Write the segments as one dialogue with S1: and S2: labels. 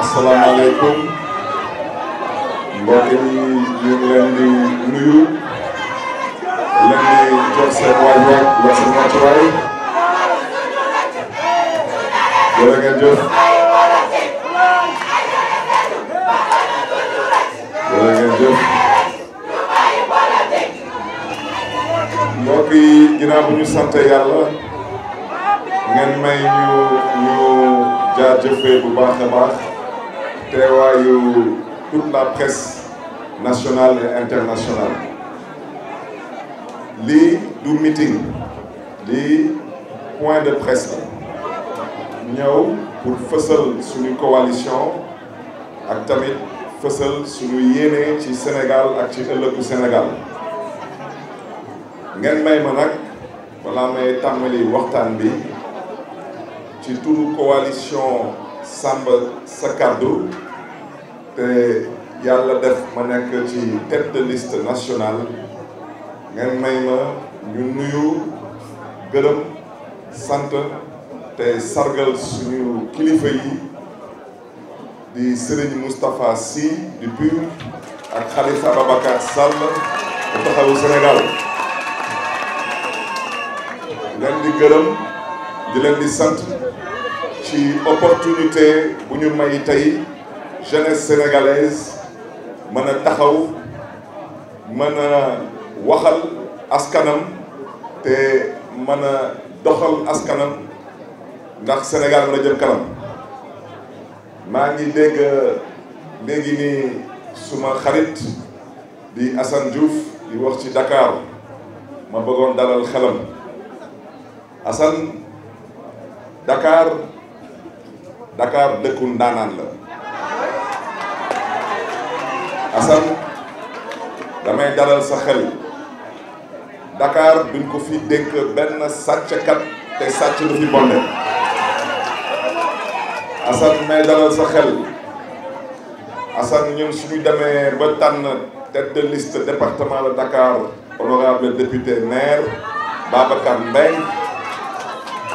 S1: asalaamaaleykum mbokk yi ñu ngi leen di nuyu leen di jox seen waajal jox seen matuwaay jërë ngeen jëf jërë ngeen jëf mbokk yi ginnaaw bu ñu sant yàlla ngeen may ñu ñu. jaajëfee bu baax a baax teewaayu toute la presse nationale internationale lii du meeting lii point de presse la ñëw pour fësal suñu coalition ak tamit fësal suñu yéene ci Sénégal ak ci ëllëgu Sénégal ngeen may ma nag balaa may tàmbali waxtaan bi ci turu coalition Sàmm sa kàddu te yàlla def ma nekk ci tête de liste nationale may ma ñu nuyu gërëm sant te sargal suñu kilifa yi di Serigne Moustapha Sy du PUR ak Khalifa Ababacar Sall bu taxawu Sénégal leen di gërëm di di sant ci opportunité bu ñu may tey jeunesse sénégalaise mën a taxaw mën a waxal askanam te mën a doxal askanam ndax Sénégal mën a jëm kanam maa ngi dégg léegi nii suma xarit di Assane Diouf di wax ci Dakar ma bëggoon dalal xelam Assane Dakar Dakar dëkku ndaanaan la Assane damay dalal sa xel Dakar duñ ko fi dénk benn sàcckat te sàcc lu fi bonde Assane may dalal sa xel Assane ñun suñu demee ba tànn tête de liste département de honorable député maire Babacar Mbengue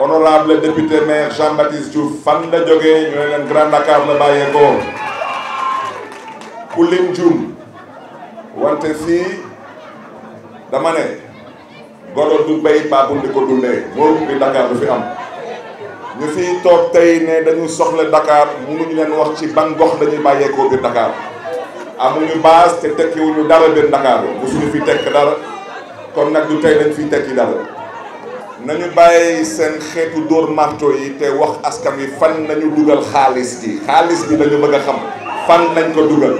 S1: honorable député maire Jean-Baptiste Diouf fan la jógee ñu ne leen Grand Dakar la bàyyeekoo ku jum wante si dama ne goro du béy baabul di ko dundee moom bi Dakar du fi am ñu fi toog tey ne dañuy soxla Dakar mënuñu leen wax ci ban gox lañuy ñuy bàyyeekoo biir Dakar amuñu base te tekkiwuñu dara biir Dakar bu suñu fi tekk dara kon nag du tey dañ fi tekki dara nañu bàyyi seen xeetu dóor marto yi te wax askan wi fan nañu dugal xaalis gi xaalis bi dañu bëgg a xam fan nañ ko dugal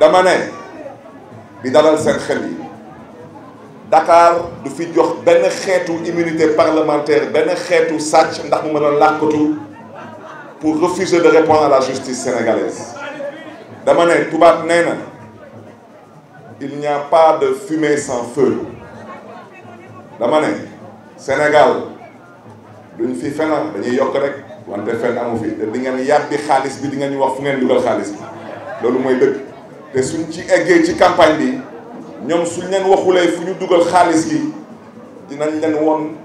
S1: dama ne di dalal seen xel yi Dakar du fi jox benn xeetu immunité parlementaire benn xeetu sàcc ndax mu mën a làkkatu pour refuser de répondre à la justice sénégalaise dama ne tubaab nee na il n'y pas de fumée sans feu dama ne Sénégal duñ fi fenal dañuy yokk rek wante fen amu fi te di ngeen yàbbi xaalis bi di ngeen ñu wax fu ngeen dugal xaalis bi loolu mooy dëgg te ci eggee ci campagne bi ñoom suñ leen waxulee fu dugal xaalis gi dinañ leen woon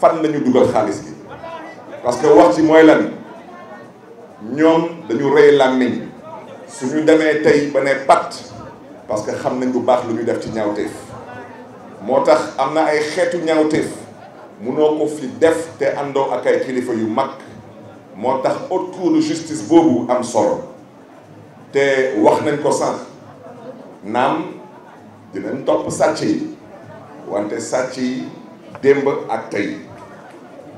S1: fan lañu ñu dugal xaalis gi parce que wax ci mooy lan ñoom dañu rëy làmmiñ ñu demee tey ba ne pat parce que xam nañ bu baax lu ñu def ci ñaawteef moo tax am na ay xeetu ñaawteef munoo ko fi def te àndoo ak kilifa yu mag moo tax haute cour justice boobu am solo te wax nañ ko sànq naam dinañ topp sàcc yi wante sàcc yi démb ak tey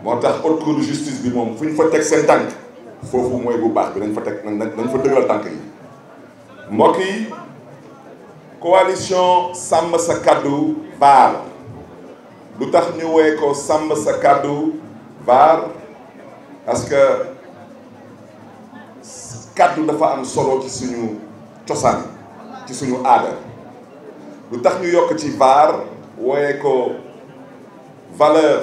S1: moo tax haute cour justice bi moom fu ñu fa teg seen tànk foofu mooy bu baax bi nañ fa teg nañ fa dëgëral tànk yi mbokk yi coalition sàmm sa kàddu baal lu tax ñu wooye ko sàmm sa kàddu VAR parce que kàddu dafa am solo ci suñu cosaan ci suñu aada lu tax ñu yokk ci VAR wooye ko valeur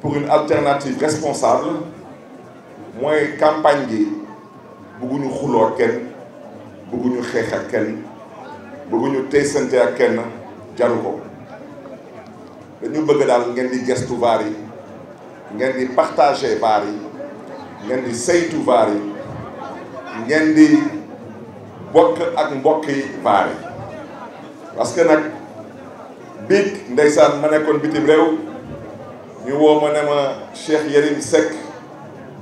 S1: pour une alternative responsable mooy campagne gi bëgguñu xuloo kenn bëgguñu xeex kenn bëgguñu teysante ak kenn jaru ko dañu bëgg daal ngeen di gestu vaar yi ngeen di partage vaar yi ngeen di saytu vaar yi ngeen di bokk ak mbokk yi parce que nag biig ndeysaan ma nekkoon bitim réew ñu woo ma ne ma Cheikh Yérim Seck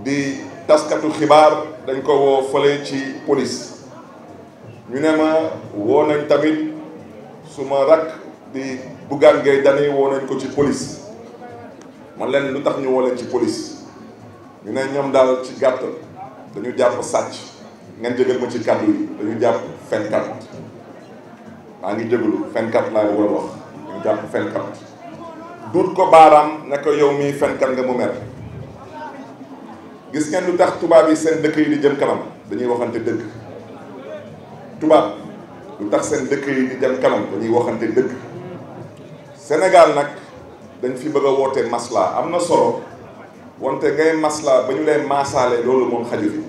S1: di taskatu xibaar dañ ko woo fële ci police ñu ne ma woo nañ tamit su ma rakk di Bougane Gueye Dany woo nañ ko ci police man leen lu tax ñu woo leen ci police ñu ne ñoom daal ci gàtt dañu jàpp sàcc ngeen jégal ko ci kàddu yi dañu jàpp fenkat maa ngi jégalu fenkat laa war a wax dañu jàpp fenkat duut ko baaraam ne ko yow mii fenkat nga mu mer gis ngeen lu tax tubaab yi seen dëkk yi di jëm kanam dañuy waxante dëgg tubaab lu tax seen dëkk yi di jën kanam dañuy waxante dëgg Sénégal nag dañ fi bëgg a woote maslaa am na solo wante ngay maslaa ba ñu lay maasaale loolu moom xaju fi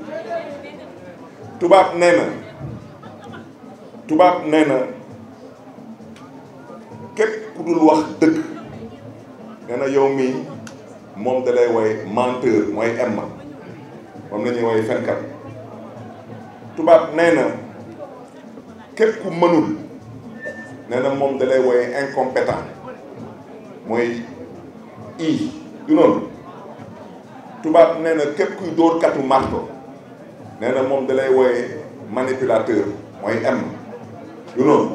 S1: tubaab nee na tubaab nee na képp ku dul wax dëgg nee na yow mii moom da lay woy menteur mooy em moom la woy fenkat tubaab nee na képp ku mënul nee na moom da lay woy incompétent mooy i du noonu tubaab nee na képp kuy dóor katu marto nee na moom dalay wooyee manipulateur mooy m du noonu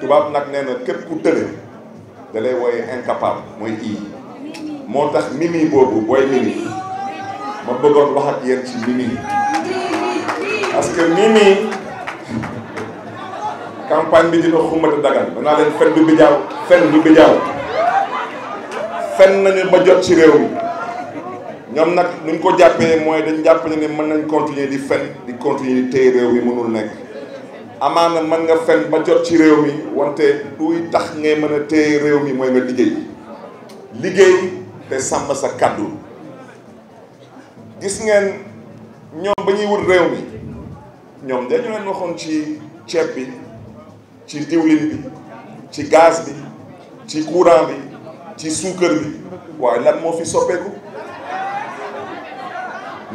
S1: tubaab nag nee képp ku tële dalay wooyee incapable mooy i moo tax mimi boobu booy mimi ma bëggoon wax ak ci mimi parce que mimi campagne bi dina xumata dagal danaa leen fen du bijaaw fen du bijaaw fenn nañu ba jot ci réew mi ñoom nag luñ ko jàppee mooy dañ jàpp ne ni mën nañ continuer di fen di continuer di téye réew mi mënul nekk amaana mën nga fen ba jot ci réew mi wante luy tax ngay mën a téye réew mi mooy nga liggéey liggéey te sàmm sa kàddu gis ngeen ñoom ba ñuy wut réew mi ñoom dañu leen waxoon ci ceeb bi ci diwlin bi ci gaz bi ci courant bi ci suukar bi waaye lan moo fi soppeeku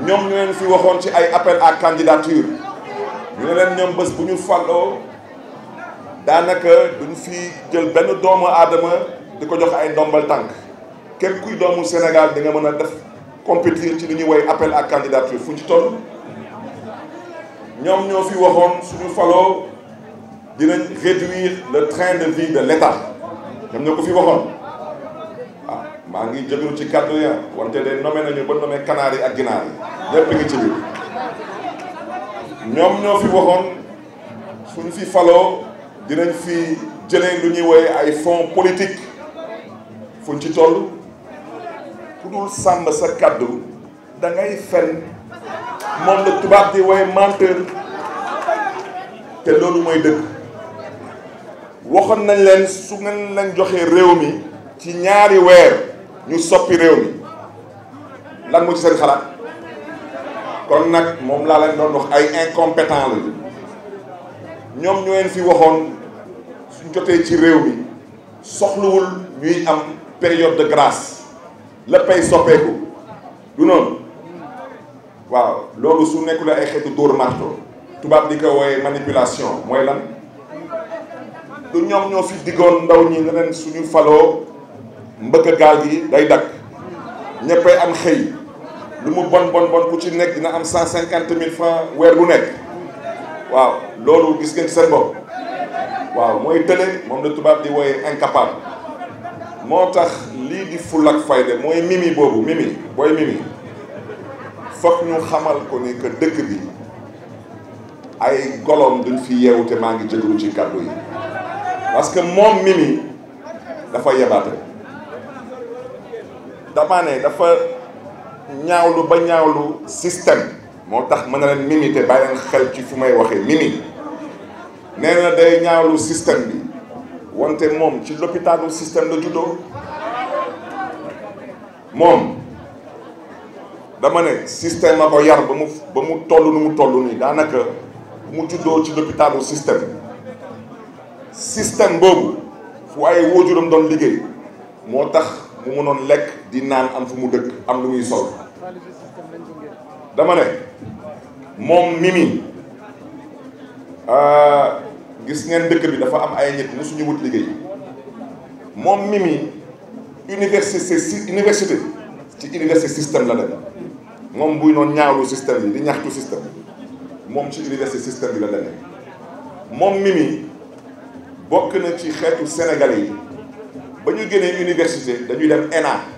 S1: ñoom ñu fi waxoon ci ay appel à candidature ñu ñoom bés bu ñu fàlloo daanaka duñ fi jël benn doomu aadama di ko jox ay ndombal tànk kuy doomu Sénégal di nga mën a def compétir ci li ñuy woy appel à candidature ci toll ñoom ñoo fi waxoon suñu faloo dinañ réduire le train de vie de l'État ñoom ñoo ko fi waxoon maa ngi jégalu ci kàddu ya wante de nommé nañu ba nommé kanaar yi ak ginaar yi ñëpp ngi ci biir ñoom ñoo fi waxoon suñ fi faloo dinañ fi jële lu ñuy woye ay fonds politique fuñ ci toll ku dul sàmm sa kàddu dangay ngay fen moom la tubaab di woye menteur te loolu mooy dëgg waxoon nañ leen su ngeen leen joxee réew mi ci ñaari weer ñu soppi réew mi lan moo ci seen xalaat kon nag moom laa leen doon wax ay incompétent la ñoom ñu leen fi waxoon su jotee ci réew mi soxluwul ñuy am période de grâce léppay soppeeku du noonu waaw loolu su nekkule ay xeetu dóor marto tubaab di ko wooye manipulation mooy lan du ñoom ñoo fi diggoon ndaw ñi ne leen suñu faloo mbëkk gaal gi day dagg ñëppay am xëy lu mu bon bon bon ku ci nekk dina am cent cinquante mille francs weer bu nekk waaw loolu gis ngeen seen bopp waaw mooy tële moom la tubaab di wooye incapable moo tax lii di fulla ak fayda mooy mimi boobu mimi booy mimi foog ñu xamal ko ni dëkk bi ay golom duñ fi yeewu te maa ngi jégalu ci kàddu yi parce que moom mimi dafa yebaate dama ne dafa ñaawlu ba ñaawlu système moo tax mën na leen Mimi te bàyyi leen xel ci fu may waxee Mimi nee na day ñaawlu système bi wante moom ci l'hôpitalu système la juddoo moom dama ne système a ko yar ba mu ba mu toll nu mu tollu nii daanaka mu juddoo ci l'hôpitalu système système boobu fu ay waajuram doon liggéey moo tax mu mënoon lekk di naan am fu mu dëkk am lu muy sol dama ne moom Mimi euh, gis ngeen dëkk bi dafa am ay nit suñu wut liggéey moom Mimi université si université ci université système la dem moom buy noonu ñaawlu système bi di ñaxtu système moom ci université système bi la demee moom Mimi bokk na ci xeetu Sénégalais yi ba ñu génnee université dañuy dem ENA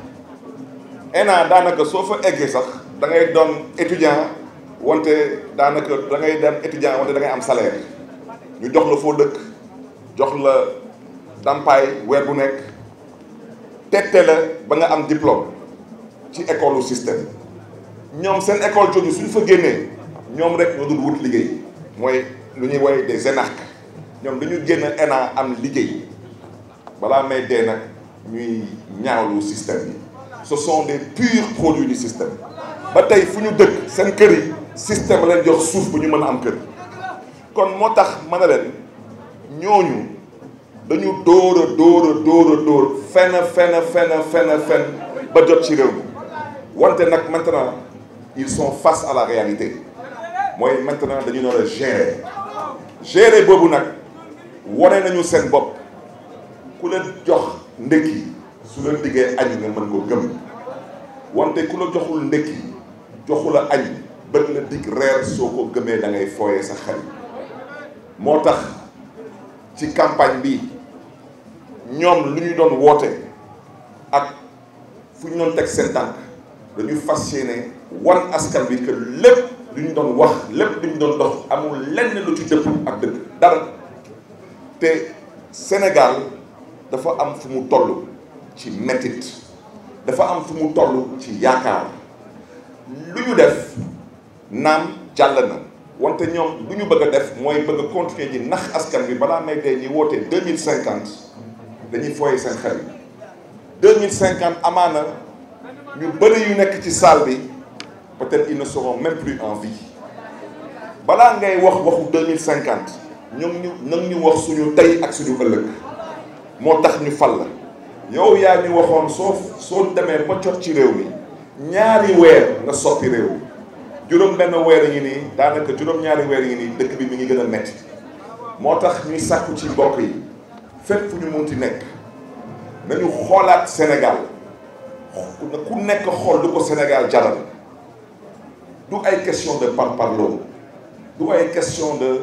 S1: ENA daanaka soo fa eggee sax dangay ngay doon étudiant wante daanaka da ngay dem étudiant wante da ngay am salaire ñu jox la foo dëkk jox la ndàmpaay weer bu nekk tette la ba nga am diplôme ci école système ñoom seen école jooju suñ fa génnee ñoom rek ñoo dul wut liggéey mooy lu ñuy woy des énarques ñoom dañu génn ENA am liggéey balaa may dee nag ñuy ñaawlu système bi ce sont des purs produits du système ba tey fu ñu dëkk seen kër yi système leen jox suuf bu ñu mën a am kër kon moo tax ma ne leen ñooñu dañu dóor a dóor a dóor a dóor fenn fenn fenn ba jot ci réew mi wante nag maintenant ils son face à la réalité mooy maintenant dañu nar a gérer gérer boobu nag wane nañu seen bopp ku leen jox yi su la diggee añ nga mën ko gëm wante ku la joxul ndekki joxula añ bëgg la dig reer soo ko gëmee da ngay fooyee sa xel moo tax ci campagne bi ñoom lu ñu doon woote ak fu ñu doon teg seen tànk dañu fas yéene wan askan bi que lépp lu ñu doon wax lépp lu ñu doon dox amul lenn lu ci dëpp ak dëkk dara te senegal dafa am fu mu toll ci mettit dafa am fu mu toll ci yaakaar lu ñu def naam jàll na wante ñoom lu ñu bëgg a def mooy bëgg a continuer di nax askan bi balaa may dee ñi woote deux cinquante dañuy fooye seen xel yi deux mille cinquante ñu bëri yu nekk ci salle bi peut-être ils ne seront même plus balaa ngay wax waxu deux mille cinquante ñu ñu ñu wax suñu tey ak suñu ëllëg moo tax ñu fal la yow yaa ñu waxoon soo soo demee ba jot ci réew mi ñaari weer nga soppi réew mi juróom benn weer yi nii daanaka juróom ñaari weer yi nii dëkk bi mu ngi gën a metti moo tax ñuy sàkku ci mbokk yi fépp fu ñu munti nekk nañu xoolaat Sénégal ku nekk xool lu ko Sénégal jaral du ay question de par parloo du ay question de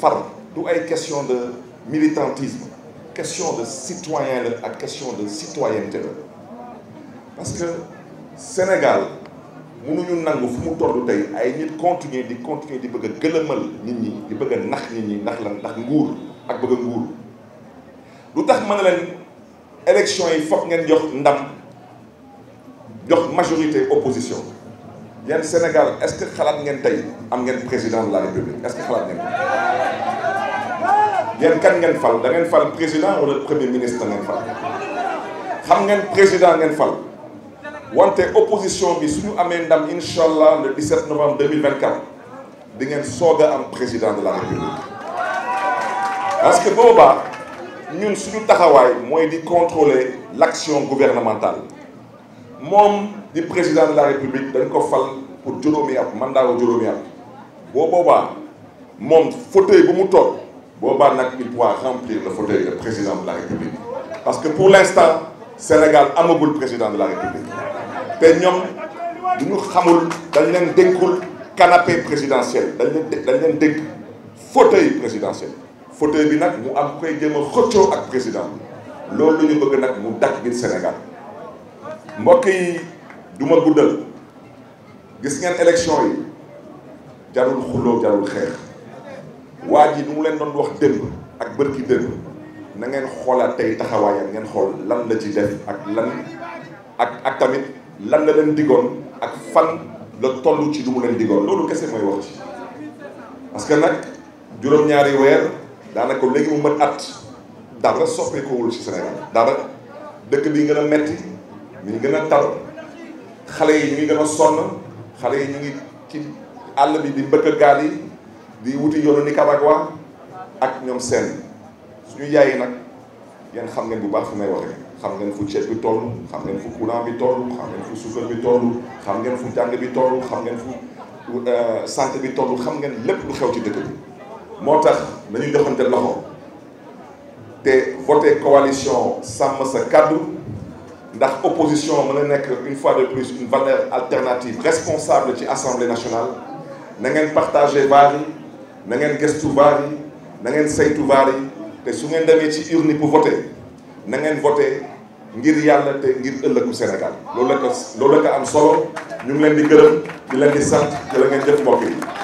S1: far du ay question de militantisme question de citoyen la ak question de citoyenneté la parce que Sénégal mënuñu nangu fu mu toll tey ay nit continuer di continuer di bëgg a gëlëmal nit ñi di bëgg nax nit ñi ndax la ndax nguur ak bëgg a nguur lu tax mën na leen élection yi foog ngeen jox ndam jox majorité opposition yeen Sénégal est-ce que xalaat ngeen tey am ngeen président de la République est que xalaat ngeen yéen kan ngeen fal da ngeen fal président wala premier ministre ngeen fal xam ngeen président ngeen fal wante opposition bi su suñu amee ndam incha allah le 17 novembre 2024 di ngeen soog a am président de la république parce que boobaa ñun suñu taxawaay mooy di contrôler l'action gouvernementale moom di président de la république dañ ko fal pour juróomi at mandat wu juróomi at boo boobaa moom fauteuil bu mu toog boobaa nag il pourra remplir le fauteuil de président de la république parce que pour l'instant Sénégal amagul président de la république te ñoom du ñu xamul dañ leen dénkul canapé présidentiel dañ leen dañ leen dénk fauteuil présidentiel fauteuil bi nag mu am koy jéem a ak président bi loolu la ñu bëgg nag mu dakk biir Sénégal mbokk yi du ma guddal gis ngeen élection yi jarul xuloo jarul xeex waa jii nu mu leen doon wax démb ak bërki démb na ngeen xoolaat tey taxawaayam ngeen xool lan la ci def ak lan ak ak tamit lan la leen diggoon ak fan la toll ci lu mu leen diggoon loolu kese mooy wax ci parce que nag juróom-ñaari weer daanaka léegi mu mën at dara soppeekuwul ci Sénégal dara dëkk bi nga a metti mi ngi gën a tar xale yi ñu ngi gën a sonn xale yi ñu ngi ci àll bi di mbëkk gaal di wuti yoonu Nicaragua ak ñoom seen suñu yaay yi nag yéen xam ngeen bu baax fu may waxee xam ngeen fu ceeb bi toll xam ngeen fu courant bi toll xam ngeen fu suukar bi toll xam ngeen fu jàng bi toll xam ngeen fu euh, santé bi toll xam ngeen lépp lu xew ci dëkk bi moo tax nañu joxante loxo te voté coalition sàmm sa kàddu ndax opposition mën na nekk une fois de plus une valeur alternative responsable ci assemblée nationale na ngeen partagé na ngeen gëstu vaar yi na ngeen saytu vaar yi te su ngeen demee ci urne pour voter na ngeen voter ngir yàlla te ngir ëllëgu Sénégal loolu la ko loolu la ko am solo ñu ngi leen di gërëm di leen di sant la ngeen jëf mbokk yi.